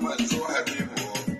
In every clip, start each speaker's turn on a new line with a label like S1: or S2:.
S1: I'm so happy, bro.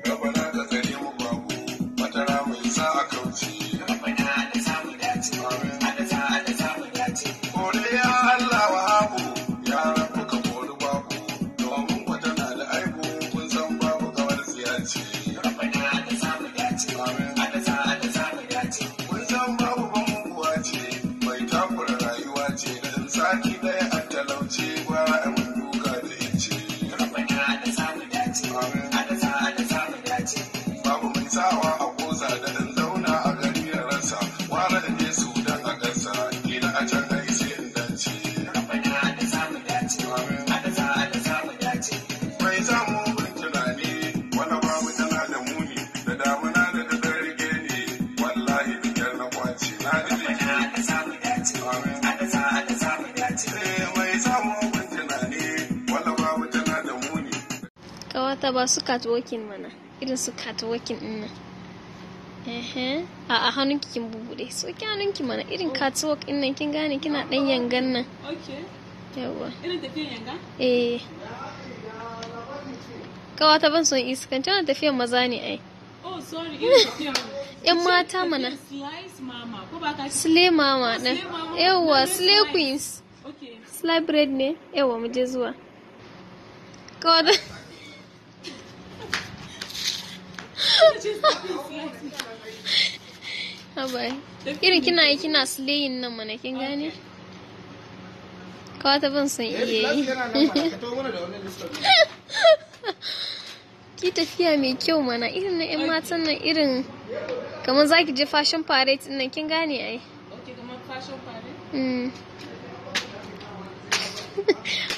S2: Kawata ba su katwokin mana, irin su katwokin ɗin nan. a a hannun kin bubuɗe, so ki hannun ki mana irin katwok ɗin nan kin gane kina ɗan yangan nan. yawa Irin tafiyan Eh. Kawata ban son iskan, tana tafiyan maza ne ai. Oh, yan mata mana sile mama ɗan yawwa sile queens sly bread ne yawwa mu je zuwa kawai Habai. Irin kina yi kina yin nan mana kin gane? Kawata ban san iya yi. yi tafiya mai kyau mana irin na 'yan matan nan irin kamar za ki je fashion parade din nan kin gane ai.